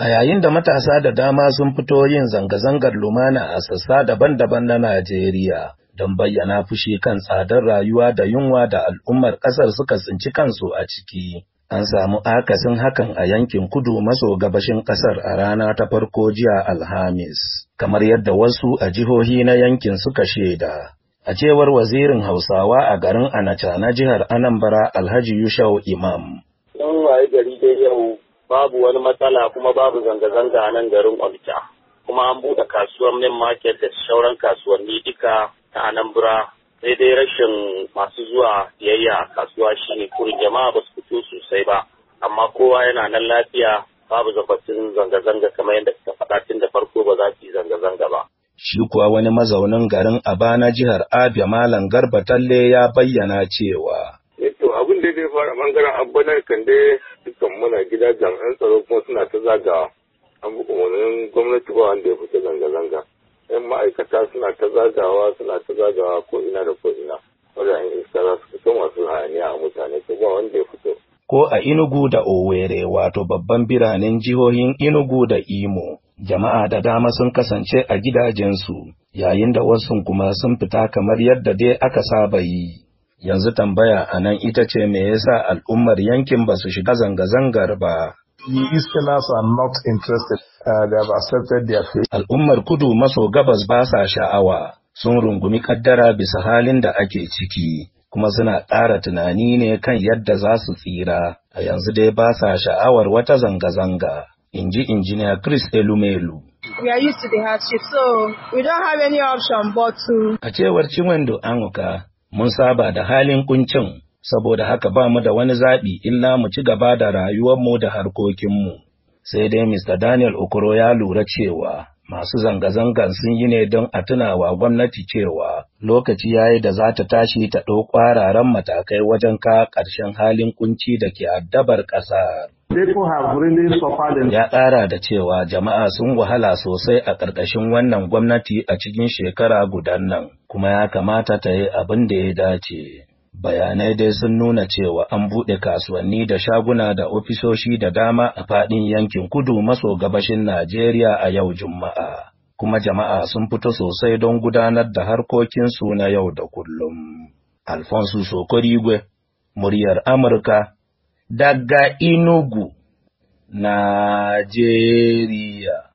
A yayin da matasa da dama sun fito yin zanga-zangar lumana a sassa daban-daban na Najeriya don bayyana fushi kan tsadar rayuwa da yunwa da al'ummar ƙasar suka tsinci kansu a ciki. An samu akasin hakan a yankin kudu maso gabashin ƙasar a rana ta farko jiya Alhamis, kamar yadda wasu a jihohi na yankin suka shaida. A cewar wazirin Hausawa a garin Anacha na jihar Anambra Alhaji Yushau Imam. Yan waye gari dai yau babu wani matsala kuma babu zanga-zanga a nan garin Onitsha. Kuma an buɗe kasuwar main market da sauran kasuwanni duka ta Anambra. Sai dai rashin masu zuwa biyayya a kasuwa shine kurin jama'a ba su fito sosai ba. Amma kowa yana nan lafiya babu zafafin zanga-zanga kamar yadda suka faɗa tun da farko ba za su yi zanga-zanga ba. Shi kuwa wani mazaunin garin Abana jihar Abia Malam Garba Talle ya bayyana cewa. Eto eh abin da zai fara bangaren abu kan dai muna gida jami'an tsaro kuma suna ta zagawa an bi umarnin gwamnati ba wanda ya fita zanga-zanga yan ma'aikata suna ta zagawa suna ta zagawa ko ina da ko ina wanda yan iska za su fito masu hayaniya a mutane ko ba wanda ya fito. ko a inugu da Owere wato babban biranen jihohin inugu da Imo. Jama'a da dama sun kasance a gidajensu, yayin da wasu kuma sun fita kamar yadda dai aka saba yi. yanzu tambaya a nan ita ce me yasa al'ummar yankin ba su shiga zanga-zangar ba. The Easterners are not interested. Uh, they have accepted their faith. Al'ummar kudu maso gabas ba sa sha'awa, sun rungumi kaddara bisa halin da ake ciki, kuma suna ƙara tunani ne kan yadda za su tsira, a yanzu dai ba sa sha'awar wata zanga-zanga, in ji injiniya Chris Elumelu. We are used to the hardship, so we don't have any option but to. A cewar Chinwendu Anuka, mun saba da halin kuncin, saboda haka ba mu da wani zaɓi illa mu ci gaba da mu da harkokin mu. Sai dai Mr. Daniel Okoro ya lura cewa masu zanga-zangan sun yi ne don a tunawa gwamnati cewa lokaci ya yi da za ta tashi ta ɗau ƙwararren matakai wajen ka ƙarshen halin kunci da ke addabar ƙasa. Ya ƙara da cewa jama'a sun wahala sosai a ƙarƙashin wannan gwamnati a cikin shekara gudan nan, kuma ya kamata ta yi abin da ya dace. Bayanai dai sun nuna cewa an buɗe kasuwanni da shaguna da ofisoshi da dama a faɗin yankin kudu maso gabashin Najeriya a yau Juma'a. kuma jama'a sun fito sosai don gudanar da harkokinsu na yau da kullum. Alfonso Sokorigwe, muryar Amurka, daga Inugu, Najeriya.